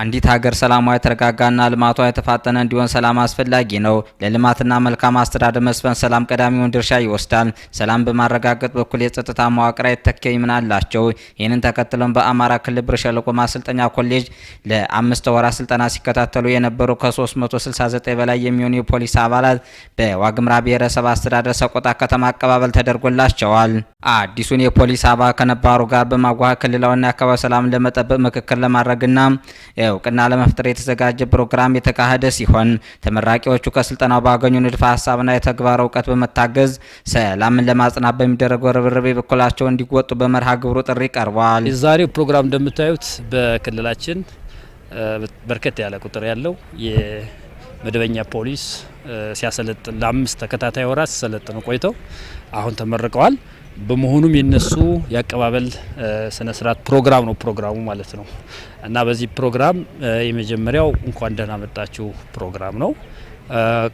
አንዲት ሀገር ሰላማዊ የተረጋጋና ልማቷ የተፋጠነ እንዲሆን ሰላም አስፈላጊ ነው። ለልማትና መልካም አስተዳደር መስፈን ሰላም ቀዳሚውን ድርሻ ይወስዳል። ሰላም በማረጋገጥ በኩል የጸጥታ መዋቅራ የተተኪ ምን አላቸው። ይህንን ተከትለን በአማራ ክልል ብር ሸለቆ ማሰልጠኛ ኮሌጅ ለአምስት ወራት ስልጠና ሲከታተሉ የነበሩ ከ369 በላይ የሚሆኑ የፖሊስ አባላት በዋግምራ ብሔረሰብ አስተዳደር ሰቆጣ ከተማ አቀባበል ተደርጎላቸዋል። አዲሱን የፖሊስ አባ ከነባሩ ጋር በማዋሃድ ክልላዊና አካባቢ ሰላም ለመጠበቅ ምክክር ለማድረግና እውቅና ለመፍጠር የተዘጋጀ ፕሮግራም የተካሄደ ሲሆን ተመራቂዎቹ ከስልጠናው ባገኙ ንድፈ ሀሳብና የተግባር እውቀት በመታገዝ ሰላምን ለማጽናት በሚደረገው ርብርብ የበኩላቸው እንዲወጡ በመርሃ ግብሩ ጥሪ ቀርቧል። የዛሬው ፕሮግራም እንደምታዩት በክልላችን በርከት ያለ ቁጥር ያለው የመደበኛ ፖሊስ ሲያሰለጥን ለአምስት ተከታታይ ወራት ሲሰለጥኑ ቆይተው አሁን ተመርቀዋል። በመሆኑም የነሱ የአቀባበል ስነ ስርዓት ፕሮግራም ነው ፕሮግራሙ ማለት ነው እና በዚህ ፕሮግራም የመጀመሪያው እንኳን ደህና መጣችሁ ፕሮግራም ነው።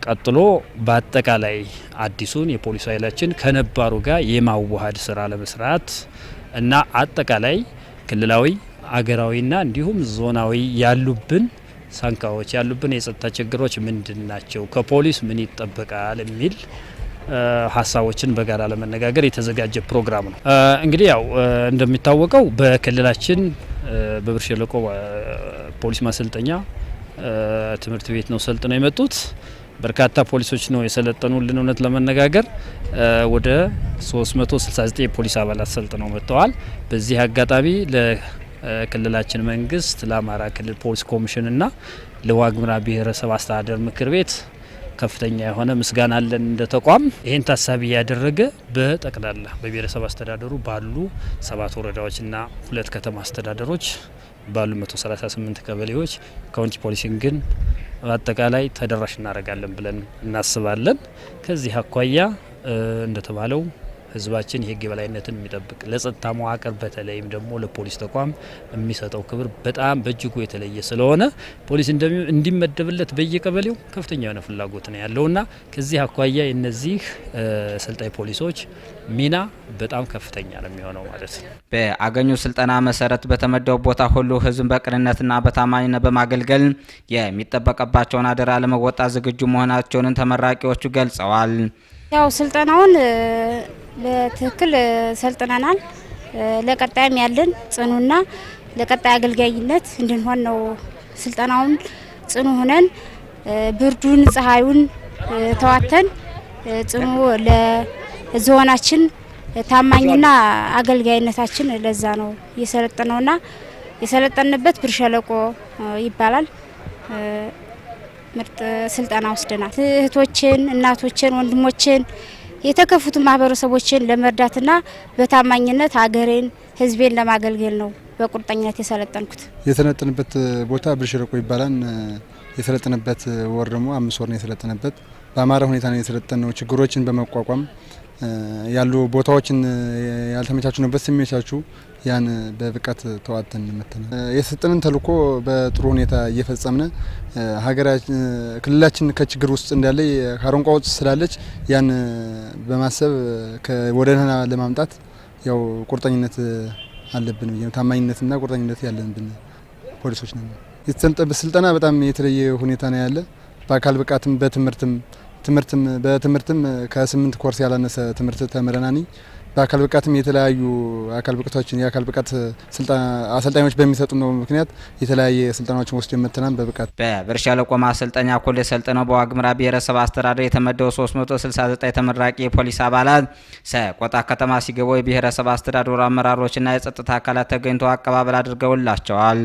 ቀጥሎ በአጠቃላይ አዲሱን የፖሊስ ኃይላችን ከነባሩ ጋር የማዋሃድ ስራ ለመስራት እና አጠቃላይ ክልላዊ አገራዊና እንዲሁም ዞናዊ ያሉብን ሳንካዎች ያሉብን የጸጥታ ችግሮች ምንድን ናቸው፣ ከፖሊስ ምን ይጠበቃል የሚል ሀሳቦችን በጋራ ለመነጋገር የተዘጋጀ ፕሮግራም ነው። እንግዲህ ያው እንደሚታወቀው በክልላችን በብር ሸለቆ ፖሊስ ማሰልጠኛ ትምህርት ቤት ነው ሰልጥነው የመጡት በርካታ ፖሊሶች ነው የሰለጠኑልን። እውነት ለመነጋገር ወደ 369 ፖሊስ አባላት ሰልጥነው መጥተዋል። በዚህ አጋጣሚ ለክልላችን መንግስት፣ ለአማራ ክልል ፖሊስ ኮሚሽንና ለዋግምራ ብሔረሰብ አስተዳደር ምክር ቤት ከፍተኛ የሆነ ምስጋና አለን እንደ ተቋም። ይህን ታሳቢ ያደረገ በጠቅላላ በብሔረሰብ አስተዳደሩ ባሉ ሰባት ወረዳዎችና ሁለት ከተማ አስተዳደሮች ባሉ 138 ቀበሌዎች ካውንቲ ግን አጠቃላይ ተደራሽ እናደርጋለን ብለን እናስባለን። ከዚህ አኳያ እንደተባለው ህዝባችን የህግ የበላይነትን የሚጠብቅ ለጸጥታ መዋቅር በተለይም ደግሞ ለፖሊስ ተቋም የሚሰጠው ክብር በጣም በእጅጉ የተለየ ስለሆነ ፖሊስ እንዲመደብለት በየቀበሌው ከፍተኛ የሆነ ፍላጎት ነው ያለውና ከዚህ አኳያ የነዚህ ሰልጣኝ ፖሊሶች ሚና በጣም ከፍተኛ ነው የሚሆነው ማለት ነው። በአገኙ ስልጠና መሰረት በተመደቡ ቦታ ሁሉ ህዝብ በቅንነትና በታማኝነት በማገልገል የሚጠበቅባቸውን አደራ ለመወጣት ዝግጁ መሆናቸውን ተመራቂዎቹ ገልጸዋል። ያው ስልጠናውን በትክክል ሰልጥነናል። ለቀጣይም ያለን ጽኑና ለቀጣይ አገልጋይነት እንድንሆን ነው። ስልጠናውን ጽኑ ሆነን ብርዱን ፀሐዩን ተዋተን ጽኑ ለዞናችን ታማኝና አገልጋይነታችን ለዛ ነው የሰለጠነውና የሰለጠንበት ብር ሸለቆ ይባላል። ምርጥ ስልጠና ወስደናል። እህቶችን፣ እናቶችን፣ ወንድሞችን የተከፉት ማህበረሰቦችን ለመርዳትና በታማኝነት ሀገሬን፣ ህዝቤን ለማገልገል ነው በቁርጠኝነት የሰለጠንኩት። የሰለጠንበት ቦታ ብርሽረቆ ይባላል። የሰለጠንበት ወር ደግሞ አምስት ወር ነው የሰለጠንበት። በአማራ ሁኔታ ነው የሰለጠን ነው ችግሮችን በመቋቋም ያሉ ቦታዎችን ያልተመቻቹንበት ሲመቻቹ ያን በብቃት ተዋጥተን መተና የሰጠንን ተልእኮ በጥሩ ሁኔታ እየፈጸምን ሀገራችን ክልላችን ከችግር ውስጥ እንዳለ ከአረንቋ ውስጥ ስላለች ያን በማሰብ ወደ ደህና ለማምጣት ያው ቁርጠኝነት አለብን ብዬ ታማኝነትና ቁርጠኝነት ያለብን ፖሊሶች ነን። የተሰጠበት ስልጠና በጣም የተለየ ሁኔታ ነው ያለ በአካል ብቃትም በትምህርትም ትምህርትም በትምህርትም ከስምንት ኮርስ ያላነሰ ትምህርት ተምረናኒ በአካል ብቃትም የተለያዩ አካል ብቃቶችን የአካል ብቃት አሰልጣኞች በሚሰጡ ነው ምክንያት የተለያየ ስልጠናዎችን ወስዶ የመትናን በብቃት በብር ለቆማ ማሰልጠኛ ኮሌጅ ሰልጥነው በዋግምራ ብሔረሰብ አስተዳደር የተመደው 369 ተመራቂ የፖሊስ አባላት ሰቆጣ ከተማ ሲገቡ የብሔረሰብ አስተዳደሩ አመራሮችና የጸጥታ አካላት ተገኝተው አቀባበል አድርገውላቸዋል።